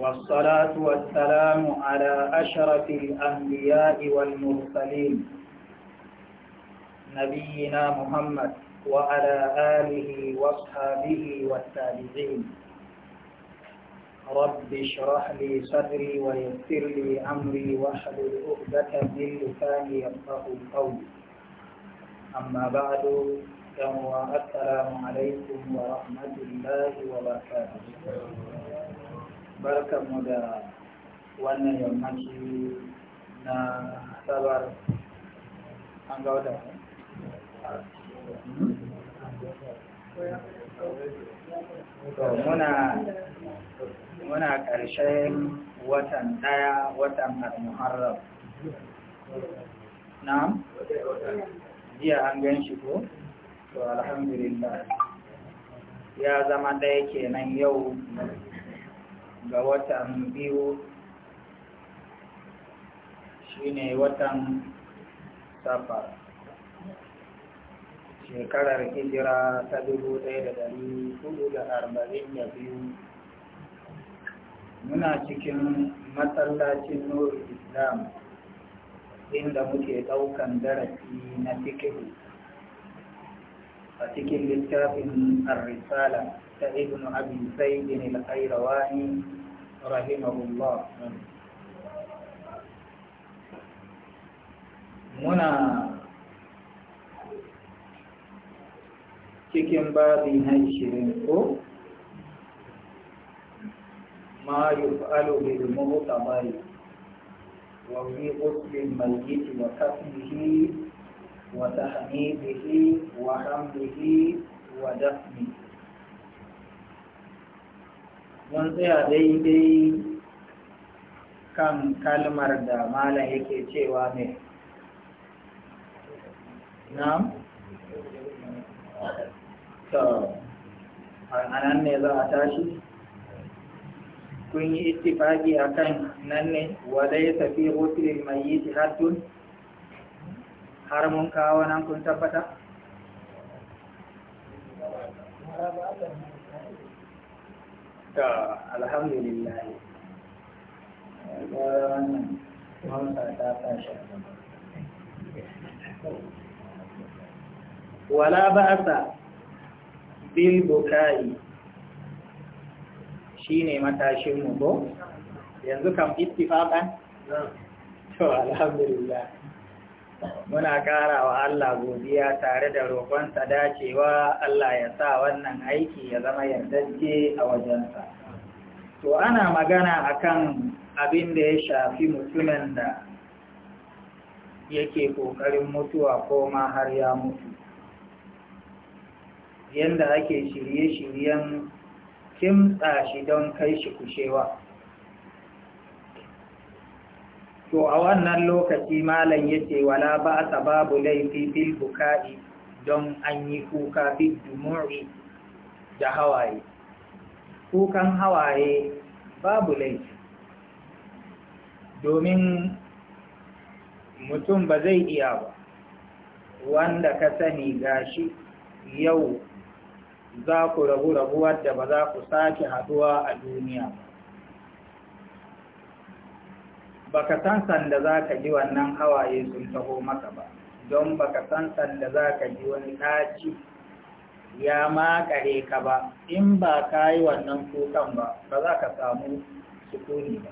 والصلاة والسلام على أشرف الأنبياء والمرسلين نبينا محمد وعلى آله وصحبه والتابعين رب اشرح لي صدري ويسر لي أمري واحلل عقدة من لساني يفقه قولي أما بعد السلام عليكم ورحمة الله وبركاته mu da wannan yammaci na sabar an ga wata muna ƙarshen watan ɗaya watan al-muharram Na'am, jiya an gan shi ko to alhamdulillah ya zama ɗaya kenan yau ga watan biyu shine watan safar shekarar hijira ta dubu ɗaya da dari da biyu muna cikin matsalacin nuri islam inda muke ɗaukan darasi na fikihu a cikin littafin arisala ابن أبي سيد الخيرواني رحمه الله منا كيكم بابي نيشيرينكو ما يفعل بالمغتبر وفي غسل الميت وكفنه وتحميده وحمده ودفنه mun tsaya daidai kan kalmar da malam yake cewa ne na? to a ne za a tashi kun yi ittifaki a kan nan ne wadai tafi hutulin mai yi tihattun har mun kawo nan kun tabbata? alhamdulillah wala ba'asa bil bukai shi ne matashinmu ko yanzu kam ittifaqan to alhamdulillah muna ƙara wa Allah godiya tare da roƙonsa dacewa Allah ya sa wannan aiki ya zama yardajje a wajensa. To ana magana akan abin da ya shafi mutumin da yake ƙoƙarin mutuwa ko ma har ya mutu. Yanda ake shirye-shiryen kimtsa shi don kai shi kushewa. to a wannan lokaci malam yace wala ba a babu laifi fil buka'i don an yi kuka fil dumu'i da hawaye kukan hawaye babu laifi domin mutum ba zai iya ba wanda ka sani gashi yau za ku rabu rabuwar da ba za ku sake haduwa a duniya ba baka san sanda za ka ji wannan hawaye sun taho maka ba don baka san sanda za ka ji wani ɗaci ya makare ka ba in ba ka yi wannan kukan ba ba za ka samu sukuni ba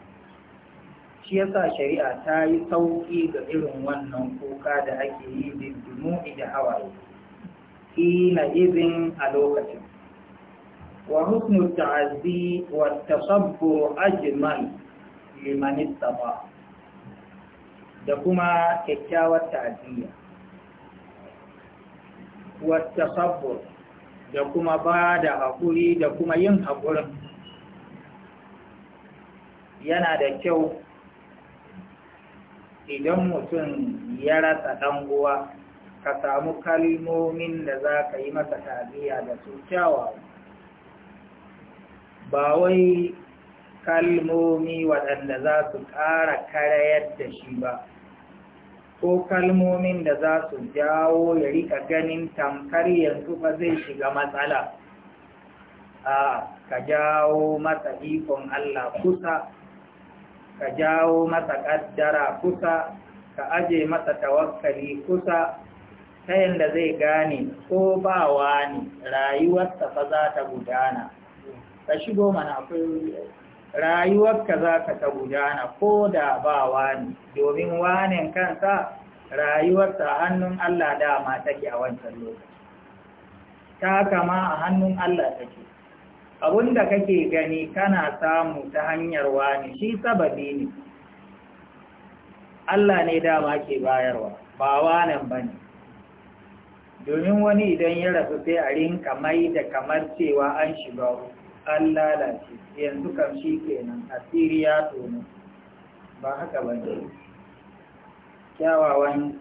shi ya sa shari'a ta yi sauƙi ga irin wannan kuka da ake yi dindimu da hawaye Ina izin a lokacin wa husnul ta'azzi wa tasabbur ajmal limanin tsaba da kuma kyakkyawar ta'aziyya wata sabbur da kuma ba da haƙuri da kuma yin haƙurin yana da kyau idan mutum ya rasa ɗanguwa ka samu kalmomin da za ka yi masa ta'adiyya da su kyawawa ba wai kalmomi waɗanda za su ƙara karayar da shi ba ko kalmomin da za su jawo ya rika ganin tamkar yanzu ba zai shiga matsala a ka jawo masa ikon Allah kusa ka jawo masa ƙaddara kusa ka aje masa tawakkali kusa ta yadda zai gane ko ba wani rayuwarsa fa za ta gudana ka shigo mana akwai rayuwarka za ka ta gudana ko da ba wani domin wani kansa rayuwarsa a hannun Allah dama take a wancan lokaci ta kama a hannun Allah take abinda kake gani kana samu ta hanyar wani shi sababi ne Allah ne dama ke bayarwa ba wanan bane ne domin wani idan ya rasu sai a rinka mai da kamar cewa an shiga uku an lalace yanzu kam shi kenan asiri ya tono ba haka ba ne kyawawan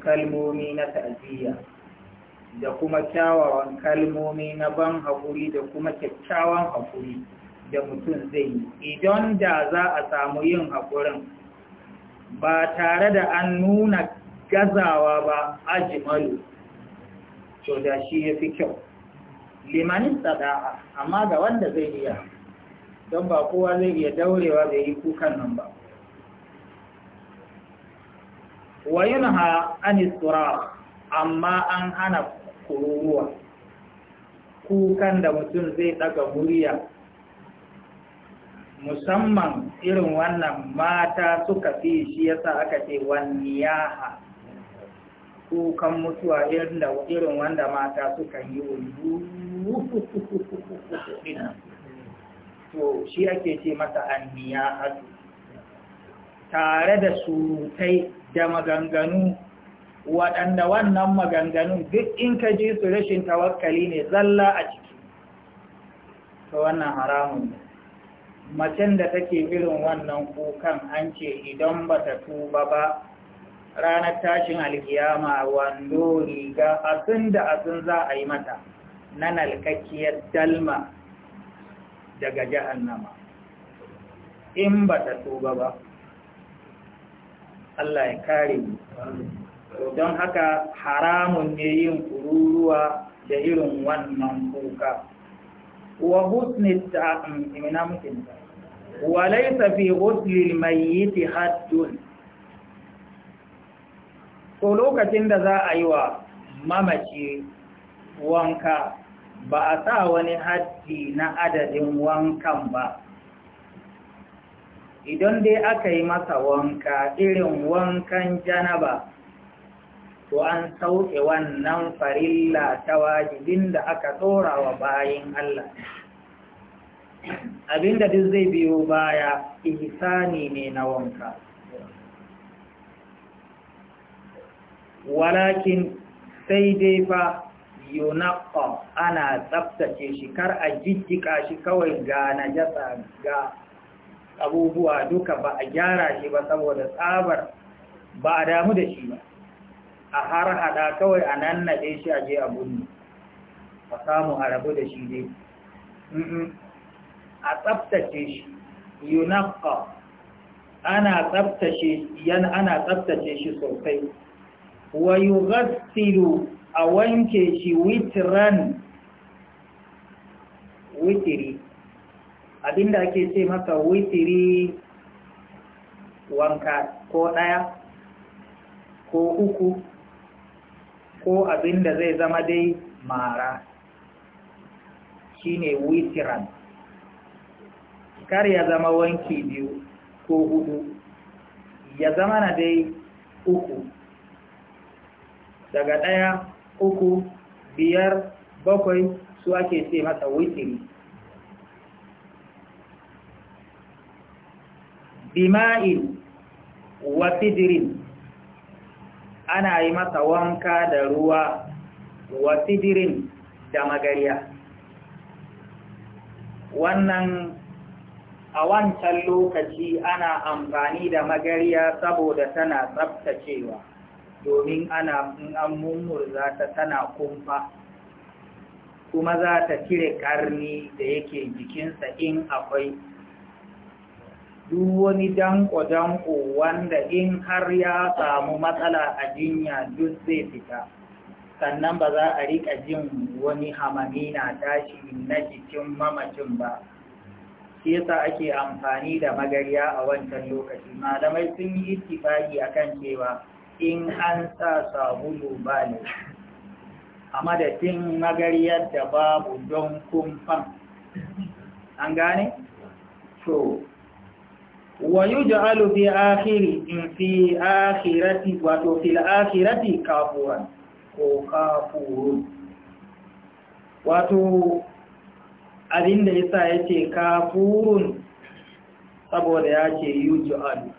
kalmomi na ta'aziyya da kuma kyawawan kalmomi na ban haƙuri da kuma kyakkyawan haƙuri da mutum zai yi idan da za a samu yin haƙurin ba tare da an nuna gazawa ba ajimalu to da shi ya fi kyau limanin tsada'a amma ga wanda zai iya don ba kowa zai iya daurewa zai yi kukan nan ba wa ha anis amma an hana kururuwa kukan da mutum zai daga murya musamman irin wannan mata suka fi shi yasa aka ce wanniyaha kukan mutuwa irin wanda mata suka yi wani to shi ake ce masa anniya hatu tare da surutai da maganganu waɗanda wannan maganganun duk in ka ji su rashin tawakkali ne zalla a ciki Ta wannan haramun ne macen da take irin wannan kukan an ce idan ba ta tuba ba ranar tashin alkiyama wando riga asin da asin za a yi mata na nalkakkiyar dalma daga jahannama in ba ta tuba ba Allah ya kare mu don haka haramun ne yin kururuwa da irin wannan kuka wa husni ta'am imina mutunta wa laysa fi ghusli al-mayyit haddun to lokacin da za a yi wa mamaci wanka ba a sa wani haddi na adadin wankan ba idan dai aka yi masa wanka irin wankan janaba to an sauke wannan farilla ta wajibin da aka tsora wa bayin Allah abinda duk zai biyo baya ihsani ne na wanka walakin sai dai fa yunaqqa ana tsaftace shi kar a jijjika shi kawai ga najasa ga abubuwa duka ba a gyara shi ba saboda tsabar ba a damu da shi ba a har hada kawai a nan dai shi a je a bunni a samu a rabu da shi dai a tsaftace shi yunaqqa ana tsabtace yana ana tsaftace shi sosai wa yughassilu a wanke shi witran witiri abinda ake ce maka witiri wanka ko ɗaya ko uku ko abinda zai zama dai mara shine witiran kar ya zama wanki biyu ko hudu ya zama na dai uku daga ɗaya uku biyar bakwai su ake ce masa witiri Bima'il, wa sidirin ana yi masa wanka da ruwa wa sidirin da magariya wannan a wancan lokaci ana amfani da magariya saboda tana tsabtacewa domin ana in an mummurza ta tana kumfa kuma za ta cire ƙarni da yake jikinsa in akwai duk wani danko-danko wanda in har ya samu matsala a jinya duk zai fita sannan ba za a riƙa jin wani hamami na tashi na jikin mamacin ba shi yasa ake amfani da magarya a wancan lokaci malamai sun yi ittifaki akan cewa in an sa sabulu ba ne a madadin magariyar da babu don kumfan an gane? So wa yi ja'alu fi akhiri in fi akhirati wato fil akhirati kafuwan ko kafurun wato abinda yasa ce kafurun saboda ya ce yace Alu?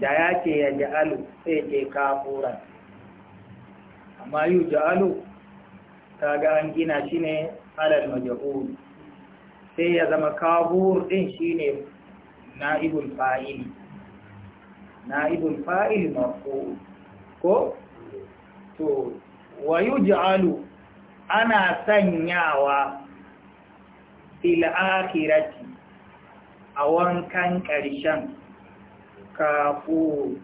da ya ce ya ja'alu sai ce kafuran amma yu ja'alu ga an gina shi ne alal majahul sai ya zama kafur din ne na'ibul fa'ili na'ibul fa'il mako ko to wa yuj'alu ana sanyawa ila akhirati a wankan ƙarshen kafur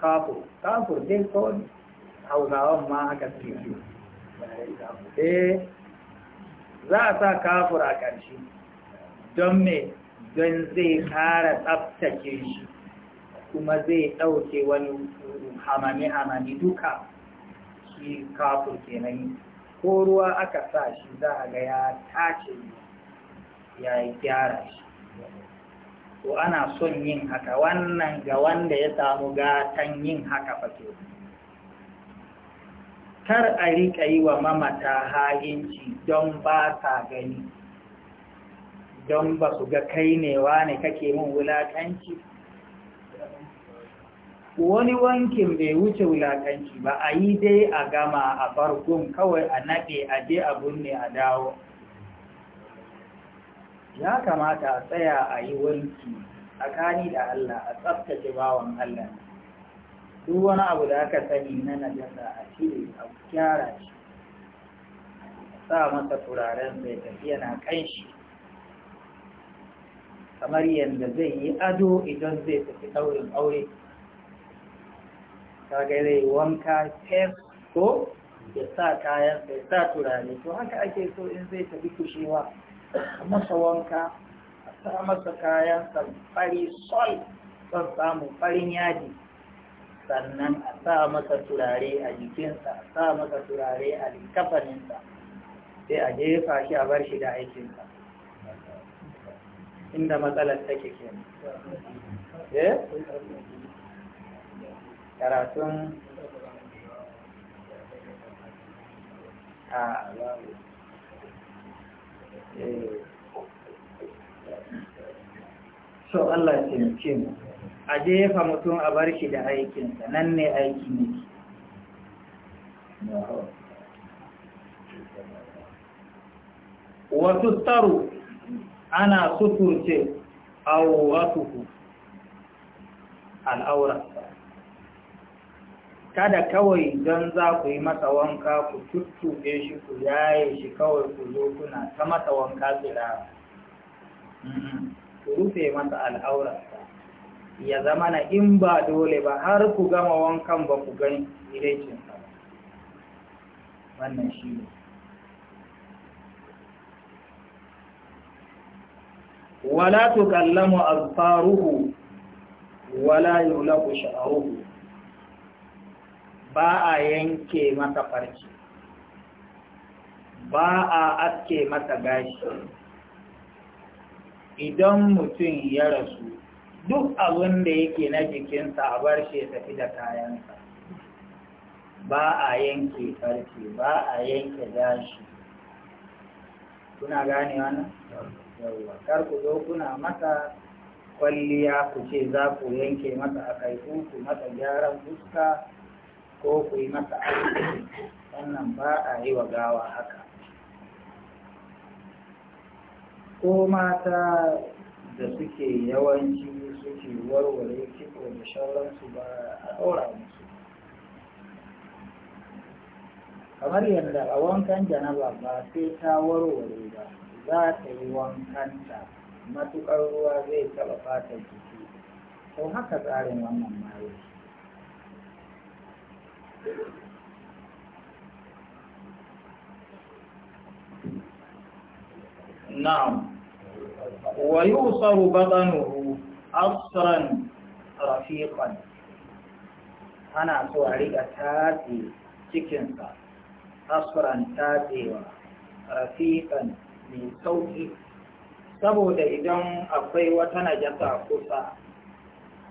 kafur kafur dai hausawan ma haka suke su eh za a sa kafur a ƙarshe don me don zai kara tsabtace shi kuma zai ɗauke wani hamami-hamami duka shi kafur kenan ko ruwa aka sa shi za a ga ya tace ya gyara shi to ana son yin haka wannan ga wanda ya samu gatan yin haka fake kar a rika yi wa mamata halinci don ba sa gani don ba su ga kai ne wane kake min wulakanci wani wankin bai wuce wulakanci ba a yi dai a gama a farkon kawai a naɗe a je a ne a dawo ya kamata a tsaya a yi wanki tsakani da Allah a tsaftace bawan Allah duk wani abu da aka sani na najasa a cire a gyara shi sa masa turaren zai tafi yana shi kamar yadda zai yi ado idan zai tafi daurin aure kaga zai wanka fes ko ya sa kayan ya sa turare to haka ake so in zai tafi kushewa a masa wanka a sa masa kayan fari sol don samun farin yaji sannan a sa masa turare a jikinsa a sa masa turare a likafaninsa sai a jefa shi a bar shi da aikinsa inda matsalar take ke eh? karatun a ah. so Allah ya mu a jefa mutum a bar shi da aikinsa nan ne aiki ne wasu tsaro ana suturce awwatuhu al'aura kada kawai don za ku yi masa wanka ku tuttuɓe shi ku yaye shi kawai ku zo kuna ta masa wanka tsira ku rufe masa al'aurarsa ya zama na in ba dole ba har ku gama wankan ba ku gan ba. wannan shi ne wala tukallamu azfaruhu wala yulaku sha'aruhu ba a yanke masa farci ba a aske masa gashi idan mutum ya rasu duk abin da yake na jikinsa a bar shi ya tafi da kayansa ba a yanke farce ba a yanke gashi kuna gane wannan yawwa kar ku zo kuna mata kwalliya ku ce za ku yanke mata kai ku mata gyaran fuska ko ku yi masa aiki wannan ba a yi wa gawa haka ko mata da suke yawanci suke warware kiko da shawararsu ba a ɗaura musu kamar yadda a wankan janaba ba sai ta warware ba za ta yi wankanta matuƙar ruwa zai taɓa fata jiki to haka tsarin wannan mayu na'am wa yusaru batanuhu asran rafiqan ana so a riƙa tatse cikinsa asran tatsewa rafiqan mai sauƙi saboda idan akwai wata najasa kusa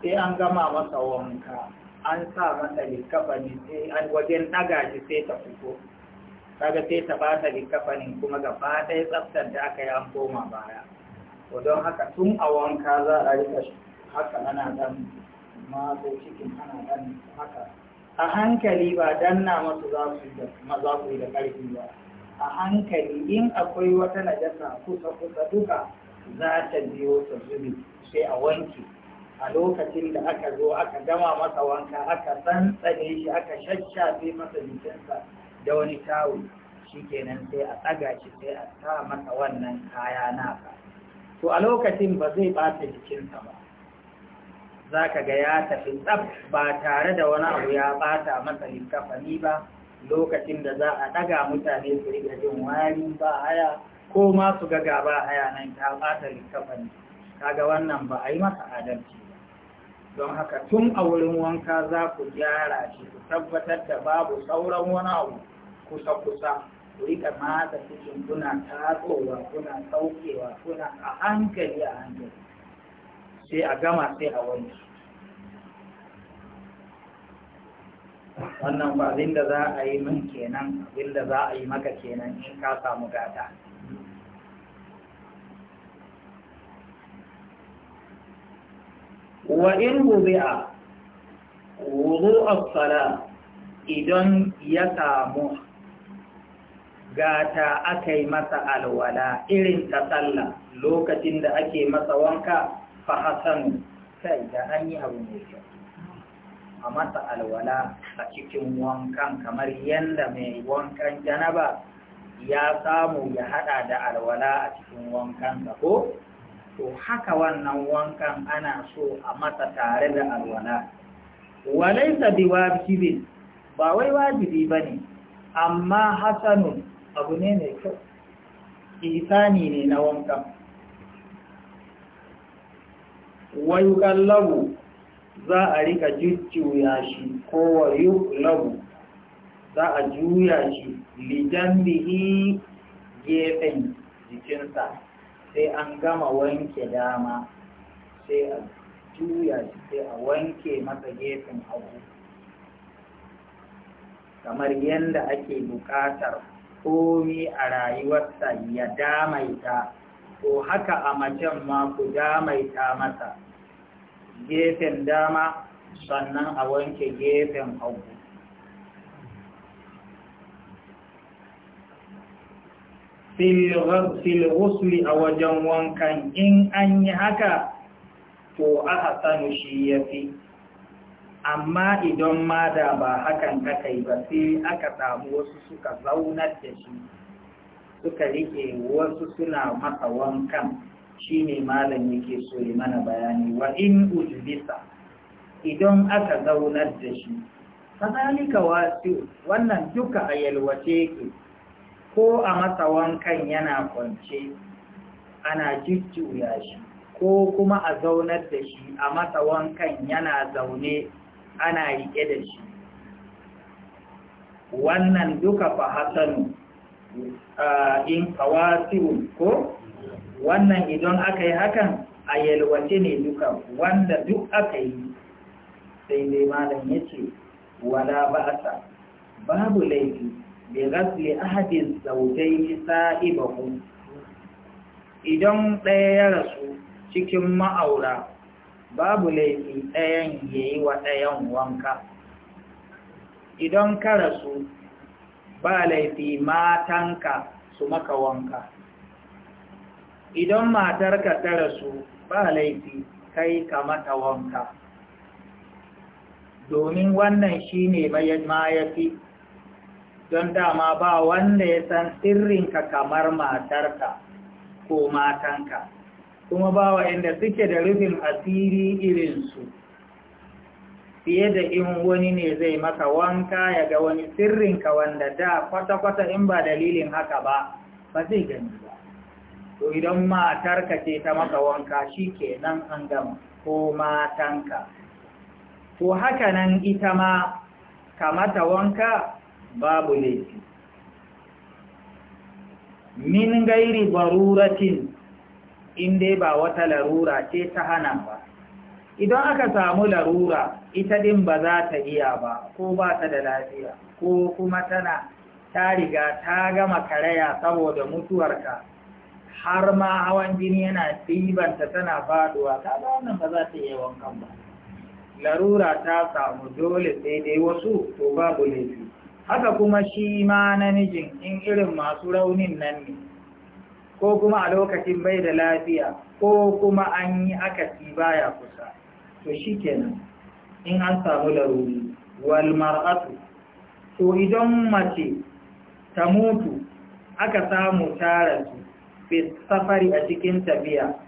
sai an gama masa wanka an sa masa likafani sai wajen daga shi sai ta fito kaga sai ta bata likafanin kuma gaba ɗaya tsaftar da aka yi an koma baya to don haka tun a wanka za a rika haka ana dan ko cikin ana dan haka a hankali ba danna masu za su da ku da ƙarfi ba a hankali in akwai wata najasa kusa kusa duka za ta biyo ta zubi sai a wanke a lokacin da aka zo aka gama masa wanka aka tsantsane shi aka shashafe masa jikinsa da wani tawul kenan sai a tsaga shi sai a sa masa wannan kaya ka to a lokacin ba zai bata jikinsa ba za ka ga ya tafi tsab ba tare da wani abu ya bata masa likafani ba lokacin da za a ɗaga mutane su riga jin wari ba haya ko ma su ga gaba haya nan ta bata likafani kaga wannan ba a yi masa adalci don haka tun a wurin wanka za ku gyara shi ku tabbatar da babu sauran wani abu kusa-kusa ku riƙa mata cikin kuna tatsowa kuna saukewa kuna a hankali a hankali sai a gama sai a wani wannan ba abin da za a yi min kenan abin da za a yi maka kenan in ka samu gata wa'in a wuru afsala idan ya samu gata aka yi masa alwala irin ta tsalla lokacin da ake masa wanka fa hasanu kai da an yi abu a masa alwala a cikin wankan kamar yadda mai wankan janaba ya samu ya haɗa da alwala a cikin wankan ko to haka wannan wankan ana so a masa tare da alwala walaysa biwajibin ba wai wajibi bane amma hasanun abu ne mai kyau isani ne na wankan wayu kallabu za a rika jujjuya shi ko wayu labu za a juya shi lijan bihi gefen jikinsa sai an gama wanke dama sai a juya shi sai a wanke masa gefen hagu kamar yadda ake buƙatar komi a rayuwarsa ya damaita ko haka a macen ma ku damaita masa gefen dama sannan a wanke gefen hagu fil ghusli a wajen wankan in an yi haka to aka sanu shi ya fi amma idan ma da ba hakan aka yi ba sai aka samu wasu suka zaunar da shi suka rike wasu suna masa wankan shi ne malam yake so yi mana bayani wa in ujlisa idan aka zaunar da shi kazalika wasu wannan duka a yalwace ke ko a masa wankan yana kwance ana jujjuya shi ko kuma a zaunar da shi a masa wankan yana zaune ana riƙe da shi wannan duka fa hasanu in kawasirun ko wannan idan aka yi hakan a yalwace ne duka wanda duk aka yi sai dai malam ya ce wala ba'asa babu laifi bi ghasli ahadi zawjayhi sa'ibahu idan ɗaya ya rasu cikin ma'aura babu laifi ɗayan yayi wa ɗayan wanka idan ka rasu ba laifi matanka su maka wanka idan matarka ta rasu ba laifi kai ka mata wanka domin wannan shine ma yafi don dama ba wanda ya san sirrinka kamar matarka ko matanka kuma ba wa'inda suke da rufin asiri irinsu fiye da in wani ne zai maka wanka ya ga wani sirrinka wanda da kwata-kwata in ba dalilin haka ba ba zai gani ba to idan matarka ce ta maka wanka shi ke nan an gama ko matanka to haka nan ita ma kamata wanka babu laifi min gairi baruratin in dai ba wata larura ce ta hana ba idan aka samu larura ita din ba za ta iya ba ko ba ta da lafiya ko kuma tana ta riga ta gama karaya saboda mutuwarka har ma hawan jini yana ɗibanta tana faduwa ta ba wannan ba za ta iya wankan ba larura ta samu dole sai dai wasu to babu laifi haka kuma shi ma namijin in irin masu raunin nan ne ko kuma a lokacin bai da lafiya ko kuma an yi akasi baya kusa to shi kenan in an samu laruri wal mar'atu to idan mace ta mutu aka samu tara su fi safari a cikin tafiya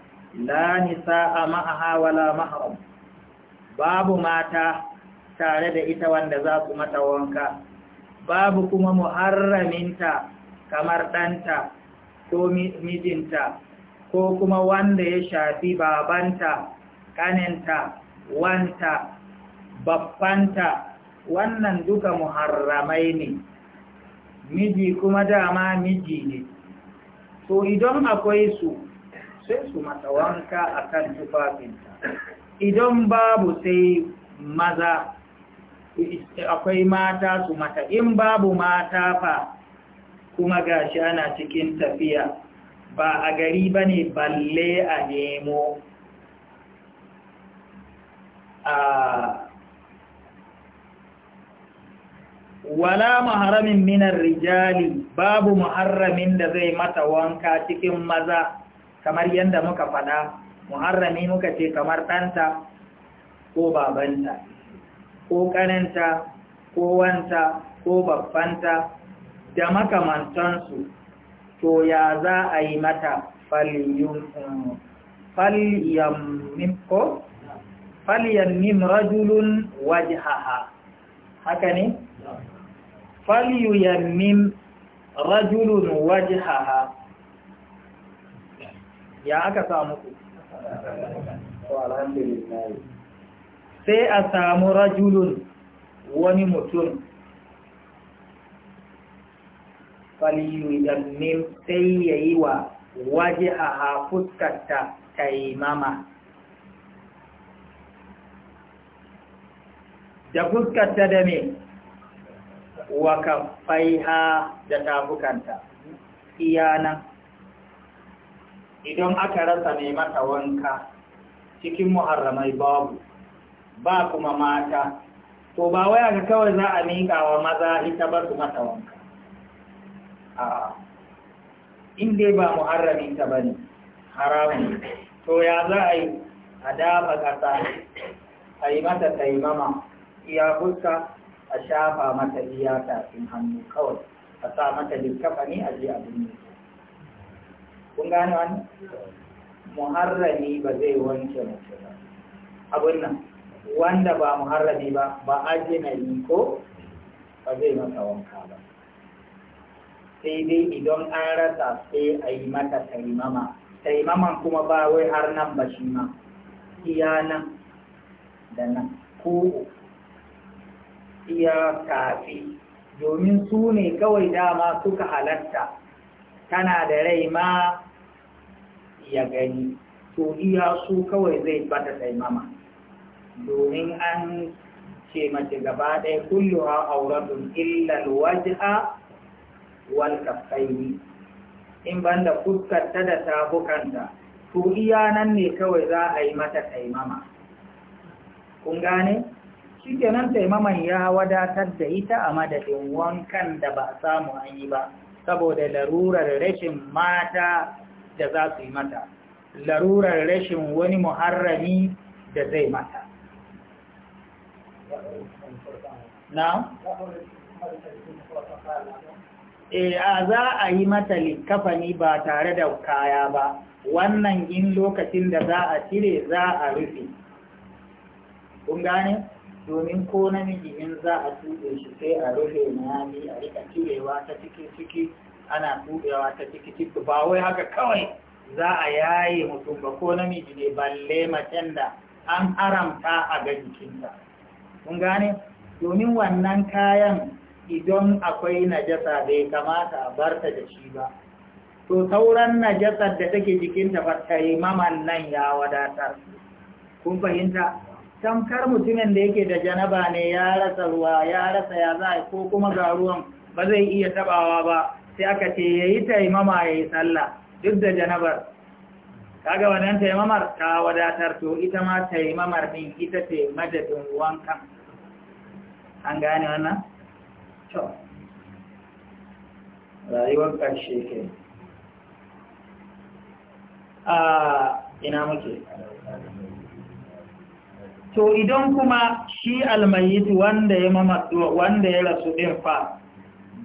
la nisa'a ma'aha wala mahram babu mata tare da ita wanda za su mata wanka babu kuma muharraminta kamar ɗanta ko mijinta ko kuma wanda ya shafi babanta kaninta wanta babbanta wannan duka muharramai ne miji kuma dama miji ne to idan akwai su sai su mata wanka akan tufafinta idan babu sai maza akwai mata su mata in babu mata fa kuma gashi ana cikin tafiya ba a gari ba ne balle a nemo a wala maharamin minar rijali babu muharramin da zai mata wanka cikin maza kamar yadda muka fada muharrami muka ce kamar ɗanta ko babanta ko ƙaninta ko wanta ko babbanta da makamantansu to ya za a yi mata um, falyammim rajulun wajhaha haka ne? falyammim rajulun ya aka samu ku? alhamdulillah sai a samu rajulun wani mutum min sai ya yi wa waje a hafuskarta taimama da fuskarta da me wa ha da tafukanta iyana idan aka rasa neman mata wanka cikin muharramai babu ba kuma mata to ba waya ka kawai za a miƙa wa maza ita ba su mata wanka a inda ba muharramin ta ba ne haramun to ya za a yi a dafa ƙasa a yi mata taimama iya fuska a shafa mata iya tafin hannu kawai a sa mata likkafa ne a je abin ne kun gane wani muharrami ba zai wanke mace ba abin nan wanda ba muharrami ba ba yi ko ba zai masa wanka ba sai dai idan an rasa sai a yi mata taimama taimaman kuma ba wai har nan ba shi ma iya nan da nan ko iya kafi domin su ne kawai dama suka halatta tana da rai ma ya gani to iya su kawai zai bata taimama domin an ce mace gaba ɗaya kullu ha auratun illal waj'a wal kaffaini in banda fuskarta da tabukanta to iya nan ne kawai za a yi mata taimama kun gane shikenan taimaman ya wadatar da ita a madadin wankan da ba samu an yi ba saboda larurar rashin mata da za su yi mata larurar rashin wani muharrami da zai mata na? e eh, a za a yi mata likafani ba tare da kaya ba wannan in lokacin da za a cire za a rufe kun gane domin ko namiji in za a tuɗe shi sai a rufe mayami a rika cirewa ta ciki-ciki ana tuɗewa ta ciki-ciki ba wai haka kawai za a yaye mutum ba ko namiji ne balle macen da an haramta a ga jikinta kun gane domin wannan kayan idan akwai najasa bai kamata a barta da shi ba to sauran najasar da take jikinta ba ta yi maman nan ya wadatar kun fahimta tamkar mutumin da yake da janaba ne ya rasa ruwa ya rasa ya za ko kuma ga ruwan ba zai iya tabawa ba sai aka ce yayi taimama yayi sallah duk da janabar kaga wannan taimamar ta wadatar to ita ma taimamar din ita ce madadin wankan an gane wannan? to rayuwar ƙarshe ke a ina muke to idan kuma shi almayiti wanda ya wanda ya rasu ɗin fa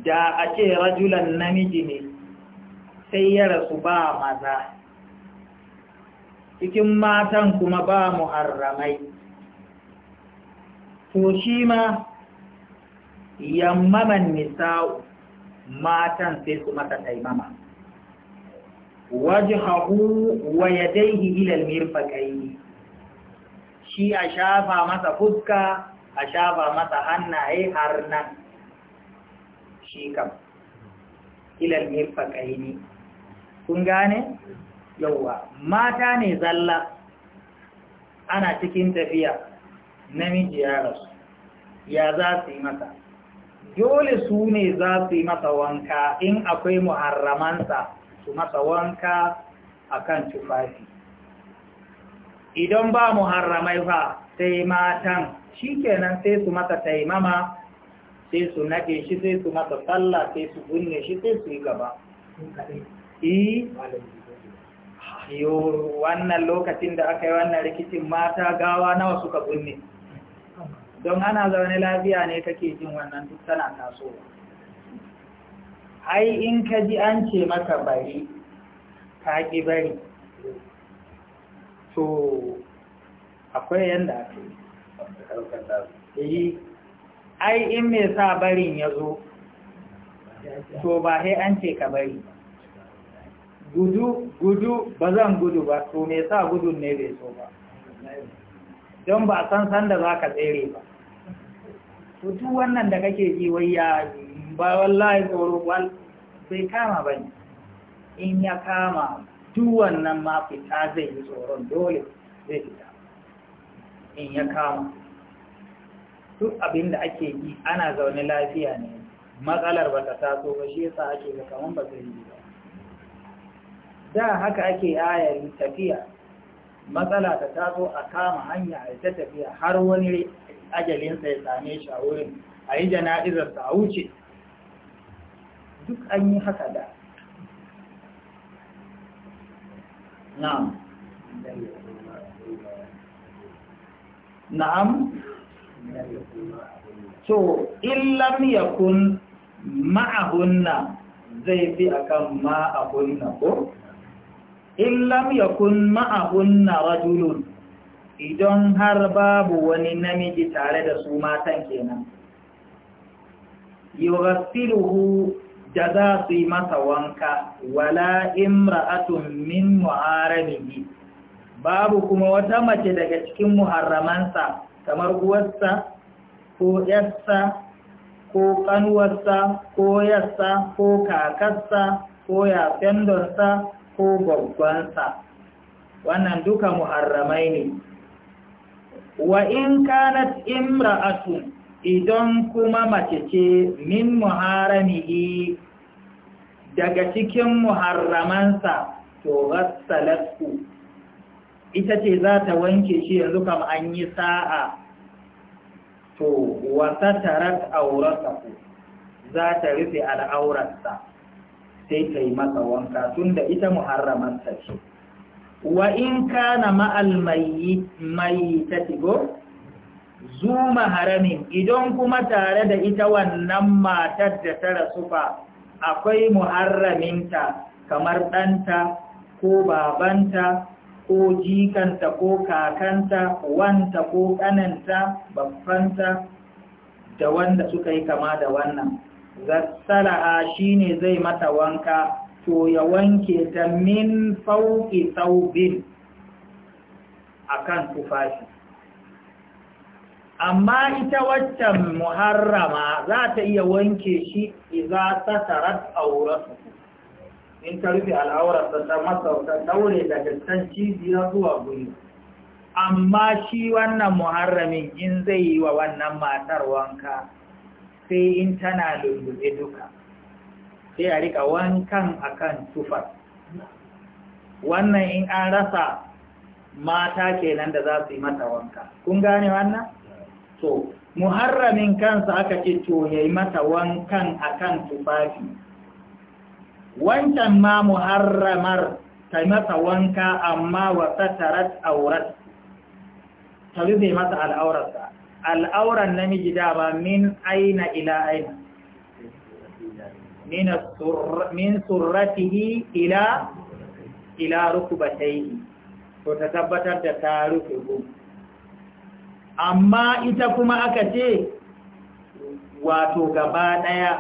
da a ce rajulan namiji ne sai ya rasu ba maza cikin matan kuma ba muharramai to shi ma yammaman nisa'u matan sai su masa taimama wajhahu wa yadayhi ila al-mirfaqayn shi a shafa masa fuska a shafa masa hannaye har nan shi kam ila al-mirfaqayn kun gane yawa mata ne zalla ana cikin tafiya namiji ya rasu ya za su yi masa dole su ne za su yi masa wanka in akwai muharramansa su masa wanka a kan tufafi idan ba muharramai ba sai matan shi kenan sai su masa taimama sai su nake shi sai su masa tsalla, sai su bunne shi sai su yi gaba wannan lokacin da aka yi wannan rikicin mata gawa nawa suka bunne don ana zaune lafiya ne kake jin wannan duk tana tasowa ai in ka ji an ce maka bari ka ƙi bari to akwai yadda aka yi eh, ai in mai sa barin ya zo to ba sai an ce ka bari gudu gudu ba zan gudu ba to mai sa gudun ne bai so ba don ba san sanda za ka tsere ba tutu wannan da kake ji wai ya ba wallahi tsoro wal bai kama ba in ya kama duk wannan ma fita zai yi tsoron dole zai fita in ya kama duk abin da ake yi ana zaune lafiya ne matsalar ba ta taso ba shi yasa ake ga kaman ba zai yi ba da haka ake ayari tafiya matsala ta taso a kama hanya a ta tafiya har wani ajalinsa ya same shi a wurin a yi jana'izarsa a wuce duk an yi haka da na'am na'am to illam yakun ma'ahunna zai fi akan ma'ahunna ko illam yakun ma'ahunna rajulun idan har babu wani namiji tare da su matan kenan yughsiluhu da za su yi masa wanka wala imra'atun min muharamihi babu kuma wata mace daga cikin muharramansa kamar uwarsa ko yassa, ko kanuwarsa ko yassa, ko kakarsa ko yafendorsa ko gwaggonsa wannan duka muharramai ne wa in kanat imra'atun idan kuma mace ce min muharamihi daga cikin muharramansa to ghassalatku ita ce za ta wanke shi yanzu kam an yi sa'a to wata tarat auratahu za ta rufe al'aurarsa sai ta yi masa wanka tunda ita muharramansa ce wa in kana ma'al mai go zuma haramin idan kuma tare da ita wannan matar da ta rasu fa akwai muharraminta kamar ɗanta ko babanta ko jikanta ko kakanta wanta ko ƙananta babbanta da wanda suka yi kama da wannan shi shine zai mata wanka to ya wanke ta min fauki taubin a kan tufafi amma ita waccan muharrama za ta iya wanke shi iza ta tarar auratu in ta rufe al'aurarsa ta masauta daure daga can cibiyar zuwa guri amma shi wannan muharramin in zai yi wa wannan matar wanka sai in tana lullube duka sai a rika wankan a kan tufar wannan in an rasa mata kenan da za su yi mata wanka kun gane wannan to muharramin kansa aka ce to yi mata wankan a akan tufafi wancan ma muharramar ta yi mata wanka amma wata satarat aurat ta rufe mata al'aurarsa al'auran namiji dama min aina ila aina min surratihi ila ila rukubatayhi to ta tabbatar da ta rufe gu amma ita kuma aka ce wato gaba ɗaya,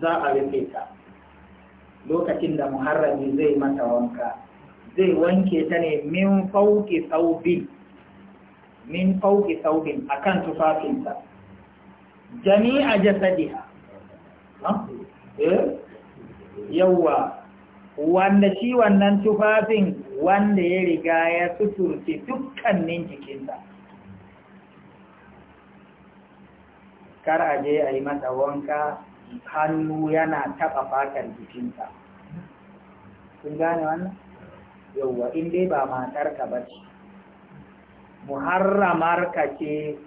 za a rufe ta lokacin da muharrami zai mata wanka zai wanke ta ne min fauki saubin min fauki saubin akan tufafinsa jami'a jasadiha Eh? yawwa wanda shi wannan tufafin wanda ya riga ya suturce dukkanin jikinsa kar a je a yi masa wanka hannu yana taɓa fatar jikinsa sun gane wannan in ba matar ka ba ce muharramar ka ce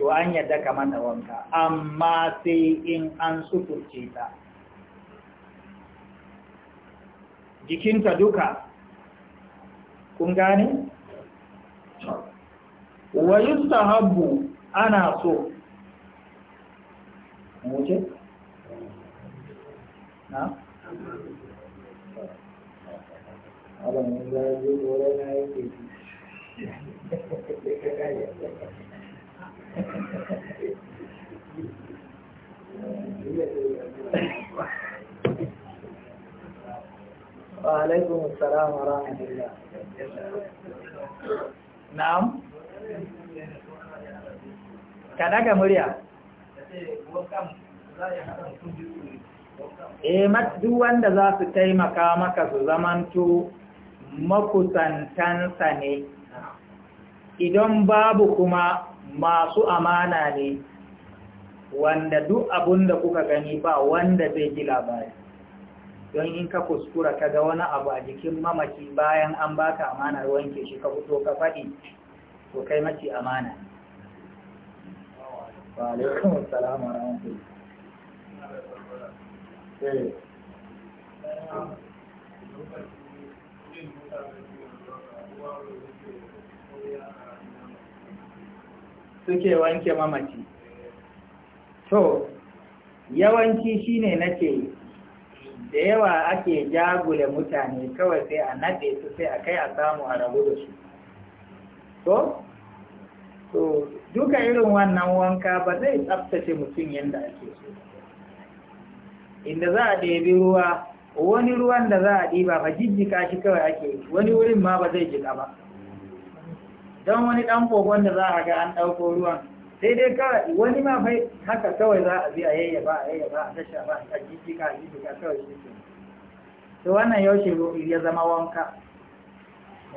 to an yadda ka da wanka amma sai in an suturce ta jikinta duka kun gane? wayun sahabu ana so na? na وعليكم السلام ورحمة الله نعم murya e duk wanda za su taimaka maka su zamanto makusantansa ne idan babu kuma masu amana ne wanda duk abun da kuka gani ba wanda zai ji labari don in ka kuskura ka ga wani abu a jikin mamaki bayan an baka amanar wanke shi ka fito ka faɗi to kai mace amana wa suke wanke mamaci to yawanci shi shine nake da yawa ake jagule mutane kawai sai a naɗe su sai a kai a samu a rabu da su to to duka irin wannan wanka ba zai tsabtace mutum yadda ake so inda za a ɗebi ruwa wani ruwan da za a ɗiba ba jijjika shi kawai ake wani wurin ma ba zai jika ba don wani ɗan kogon da za a ga an ɗauko ruwan sai dai kawai wani ma fai haka kawai za a bi a ba a ba a tasha ba a ka a ka kawai shi ke to wannan yaushe ya zama wanka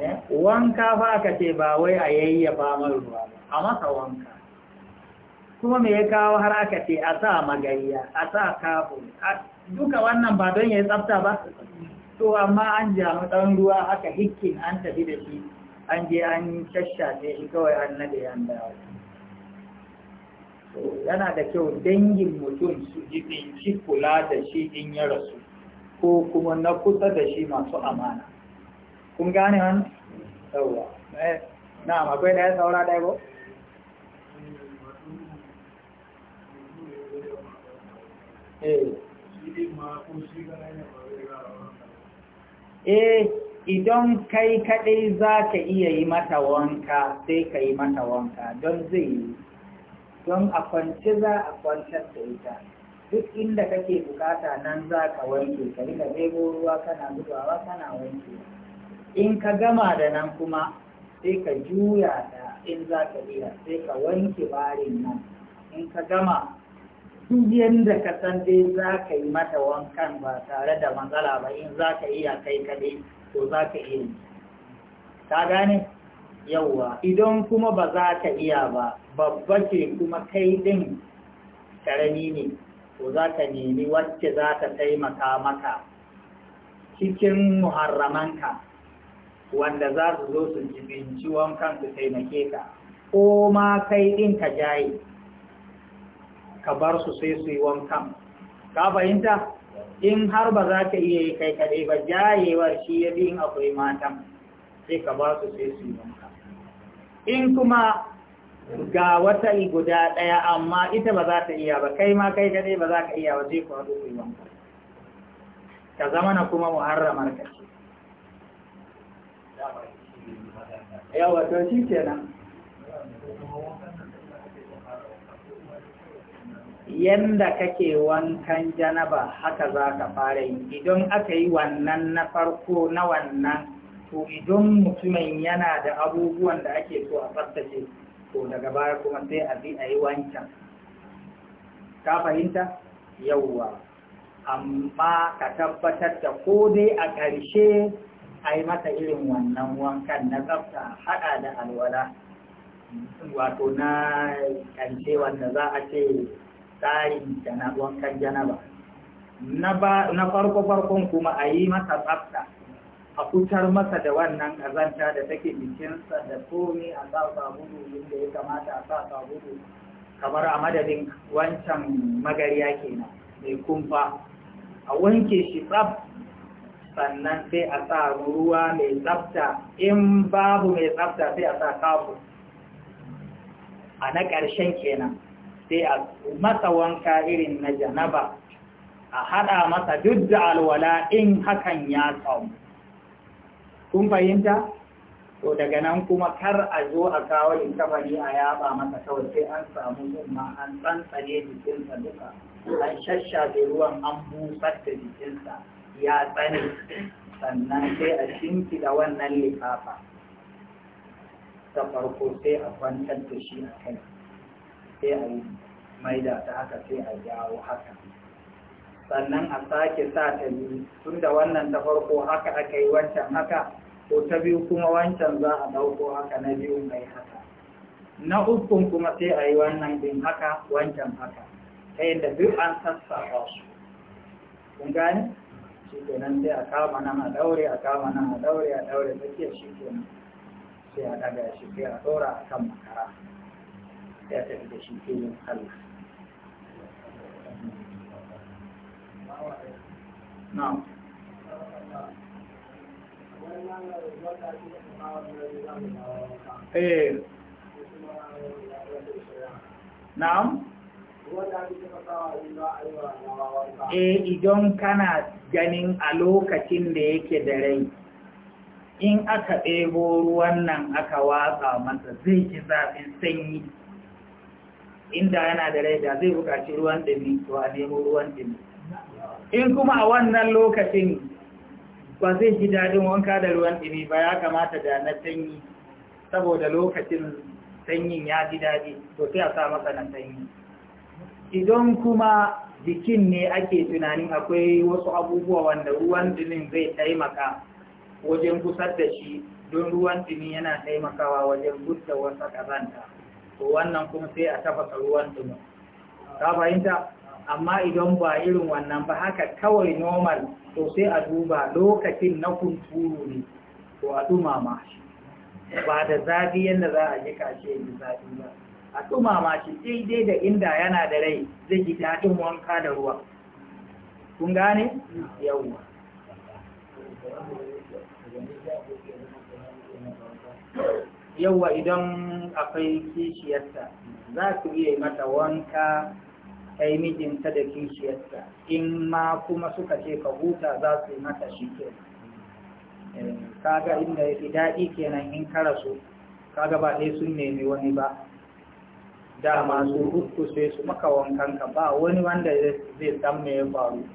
eh, wanka fa aka ce ba wai a ba mar ruwa ba a masa wanka kuma me ya kawo har aka ce a sa magariya a sa kafo duka wannan ba don ya yi tsafta ba to amma an jamu ɗan ruwa aka hikkin an tafi da shi an je an shashafe shi kawai an nade an dawo yana da kyau dangin mutum su ji kula da shi in ya rasu ko kuma na kusa da shi masu amana kun gane wani yauwa eh, na akwai ɗaya saura ɗaya ko eh, eh. idan kai kaɗai za ka iya yi mata wanka sai ka yi mata wanka don zai yi don a kwance za a kwantar da ita duk inda kake bukata nan za ka wanke ka riga ɗebo ruwa kana zubawa kana wanke in ka gama da nan kuma sai ka juya ta in za ka iya sai ka wanke barin nan in ka gama duk yadda ka san dai za ka yi mata wankan ba tare da matsala ba in za ka iya kai kaɗai Ko za ka iya yi ta gane yauwa idan kuma ba za ka iya ba babba ce kuma kai ɗin, karami ne Ko za ka nemi wacce za ta taimaka maka cikin muharramanka wanda za su zo su jibinci wankan su taimake ka ko ma kai din ka jaye ka bar su sai su yi wankan ka fahimta in har ba za ka iya yi kai kaɗai ba jayewar shi ya bi in akwai matan sai ka ba su sai su yi in kuma ga wata guda ɗaya amma ita ba za ta iya ba kai ma kai kaɗai ba za ka iya ba sai ku haɗu su yi wanka ka zama na kuma muharramar ka ce yawa to shi kenan yanda kake wankan janaba haka za ka fara yi idan aka yi wannan na farko na wannan to idan mutumin yana da abubuwan da ake so a tsaftace to daga baya kuma sai a bi a yi wancan ka fahimta yauwa amma ka tabbatar da ko dai a ƙarshe a yi masa irin wannan wankan na tsafta haɗa da alwala wato na ƙarshe wanda za a ce tsarin wankan janaba na farko farkon kuma a yi masa tsafta a fitar masa da wannan ƙazanta da take jikinsa da komi a sa sabulu inda ya kamata a sa sabulu kamar a madadin wancan magariya kenan mai kumfa a wanke shi tsaf sannan sai a sa ruwa mai tsafta in babu mai tsafta sai a sa kafu a na ƙarshen kenan sai a masa wanka irin na janaba a hada masa duk da alwala in hakan ya samu kun fahimta to daga nan kuma kar a zo a kawo in kafa ne a yaba masa kawai sai an samu yamma an tsantsane jikinsa duka an shashafe ruwan an busar da jikinsa ya tsane sannan sai a shinki da wannan lifafa. ta farko sai a kwantar da shi a kai sai a yi maida ta haka sai a jawo haka sannan a sake sa ta biyu tun da wannan ta farko haka aka yi wancan haka ko ta biyu kuma wancan za a ɗauko haka na biyu mai haka na uku kuma sai a yi wannan din haka wancan haka ta yadda biyu an ba su kun gani? shi kenan sai a kama nan a daure a kama nan a daure a daure tsakiyar shi kenan sai a daga shi sai a ɗora a kan makara ya tafi da eh. eh. idan kana ganin a lokacin da yake da rai, in aka ɗebo ruwan nan aka watsa masa zai ki zafin sanyi. inda yana da rai zai bukaci ruwan ɗini to a nemo ruwan ɗini. in kuma a wannan lokacin ba zai ji daɗin wanka da ruwan ɗini ba ya kamata da na sanyi saboda lokacin sanyin ya ji daɗi to sai a sa masa na sanyi idan kuma jikin ne ake tunanin akwai wasu abubuwa wanda ruwan ɗumin zai taimaka wajen kusar da shi don ruwan ɗini yana taimakawa wajen gudda wasa ƙazanta to wannan kuma sai a tafasa ruwan dumi ka fahimta amma idan ba irin wannan ba haka kawai normal to sai a duba lokacin na kunturu ne to a dumama shi ba da zafi yadda za a yi kashe yi zafi ba a dumama shi daidai da inda yana da rai zai ji daɗin wanka da ruwa kun gane yawwa yawa idan akwai kishiyarta za ku iya mata wanka ta yi mijinta da kishiyarta in ma kuma suka ce ka huta za su yi mata shi ke eh, kaga inda ya fi daɗi kenan in kara su kaga ba ɗaya sun nemi wani ba dama su uku sai su maka wankan ka ba wani wanda zai san me ya faru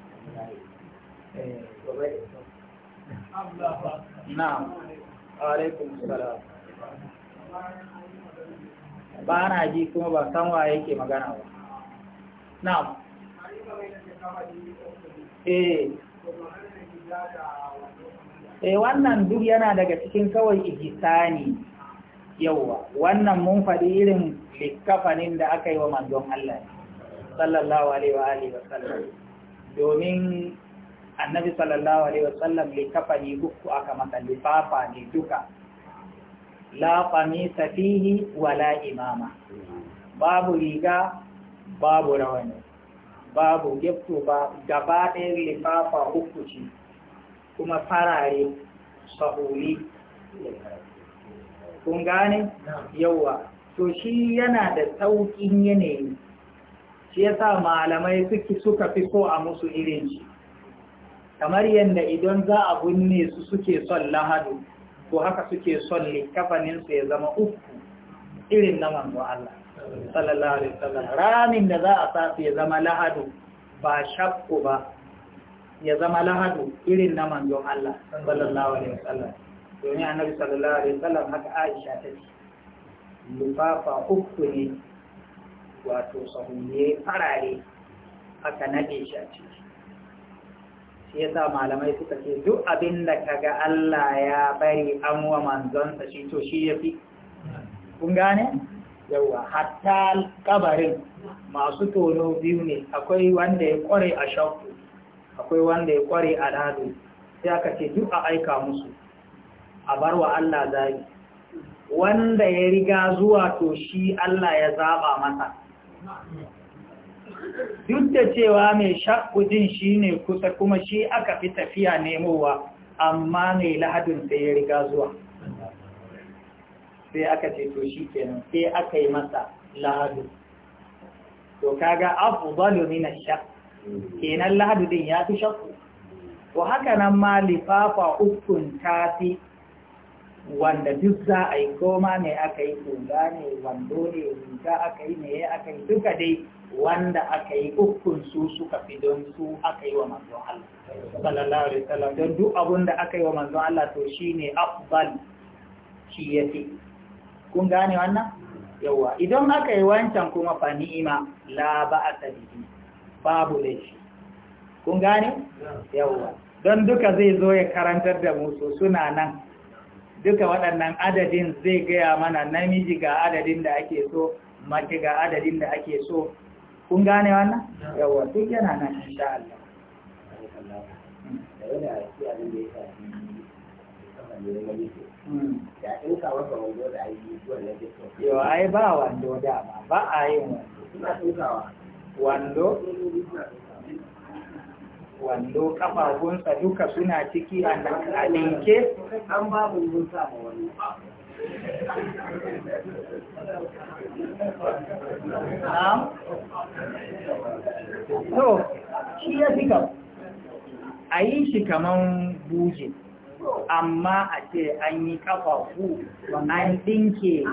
eh, na alaikum salam ba na ji kuma ba san wa yake magana ba na eh eh wannan duk yana daga cikin kawai ihisani yawa wannan mun faɗi irin likafanin da aka yi wa manzon Allah sallallahu alaihi wa alihi wa sallam domin annabi sallallahu alaihi wa sallam likafani uku aka masa lifafa ne duka la qamisa fihi wala imama babu riga babu rawani babu gefto ba gaba ɗaya lifafa uku kuma farare sahuli kun gane yawa to shi yana da sauƙin yanayi shi yasa malamai suke suka fi so a musu irin shi kamar yadda idan za a binne su suke son lahadu to haka suke son likafaninsu ya zama uku irin na manzo Allah sallallahu alaihi wasallam ramin da za a sa su ya zama lahadu ba shakku ba ya zama lahadu irin na manzon Allah sallallahu alaihi wasallam domin annabi sallallahu alaihi wasallam haka Aisha ta ce lufafa uku ne wato sahuniye farare aka nade shi a ciki shi sa malamai suka ce duk abin da kaga Allah ya bari an wa manzonsa shi to shi ya fi? kun gane yawa hatta kabarin masu tono biyu ne akwai wanda ya kware a shakku akwai wanda ya kware a dado sai aka ce duk a aika musu a bar wa Allah zaki wanda ya riga zuwa to shi Allah ya zaba masa duk da cewa mai jin shi ne kusa kuma shi aka fi tafiya nemowa amma mai lahadin sai ya riga zuwa sai aka ce to shi kenan sai aka yi masa lahadu to kaga afdalu min ash-shaq kenan lahadu din ya fi shakku to haka nan ma lifafa ukun tafi wanda duk za a yi koma ne aka yi kula ne wando ne riga aka yi ne aka yi duka dai wanda aka yi ukun su suka fi don su aka yi wa manzon Allah sallallahu alaihi wasallam don duk abun da aka yi wa manzon Allah to shine afdal shi fi. kun gane wannan yawa idan aka yi wancan kuma fa ni'ima la ba'ata bihi babu laifi kun gane yawa don duka zai zo ya karantar da musu suna nan duka waɗannan adadin zai gaya mana namiji ga adadin da ake so mace ga adadin da ake so kun gane wannan yawa duk yana nan insha Allah Yau ai ba wando da ba ba a yi wando. Wando? kafafunsa duka suna ciki a nan linke? An babu mun sa wani. to shi ya fi a yi shi kaman buje amma a ce an yi kafafu an dinke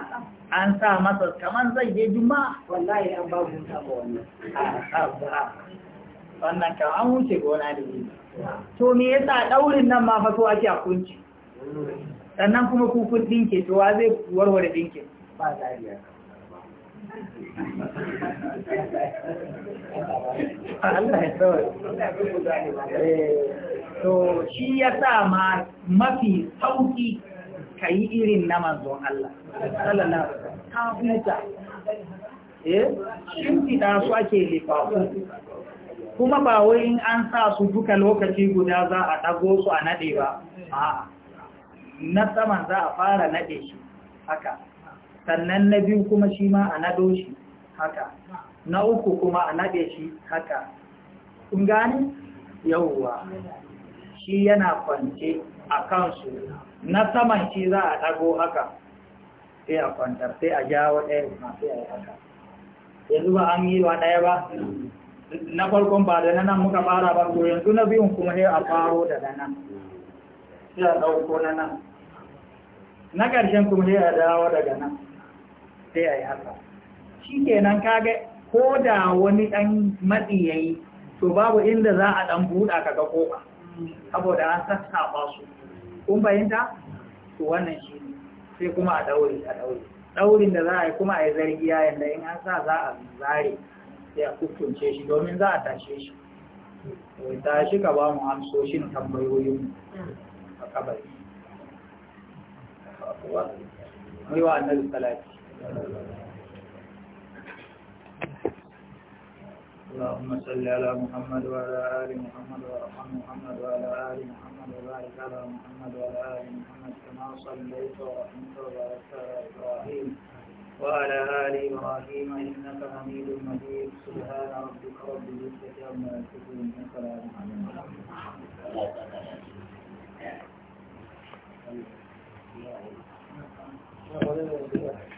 an sa masa kaman zai je juma wallahi an ba gun saba wani wannan kan an wuce gona da yi to me yasa daurin nan ma so ake a kunci sannan kuma kufin dinke to wa zai warware dinke ba Allah ya eh, to shi ya sa ma mafi sauki ka yi irin na manzon Allah sallallahu ta huta eh shimfiɗa su ake lifafu kuma ba wai in an sa su duka lokaci guda za a ɗago su a naɗe ba a'a na saman za a fara naɗe shi haka sannan na biyu kuma shi ma a naɗo shi haka na uku kuma a naɗe shi haka kun gani yauwa shi yana kwance a kansu na saman shi za a ɗago haka sai a kwantar sai a jawo ɗaya masu yaya haka yanzu ba an yi wa ɗaya ba na farkon ba da nan muka fara ba yanzu na biyun kuma sai a faro da nan ya ɗauko na nan na ƙarshen kuma ya dawo daga nan sai a yi haka shi kenan kaga ko da wani ɗan matsi ya yi to babu inda za a ɗan buɗa kaga koɓa saboda an sassaɓa su kun fahimta to wannan shi ne sai kuma a dauri a ɗaure ɗaurin da za a yi kuma a yi zargi yayin da in an sa za a zare sai a kukkunce shi domin za a tashe shi tashi ka ba mu amsoshin tambayoyin mu kabari mai wa annabi اللهم صل على محمد وعلى آل محمد وارحم محمد وعلى آل محمد وبارك على محمد وعلى آل محمد كما صليت ورحمت وباركت على إبراهيم وعلى آل إبراهيم إنك حميد مجيد سبحان ربك رب العزة عما يصفون وسلام على محمد no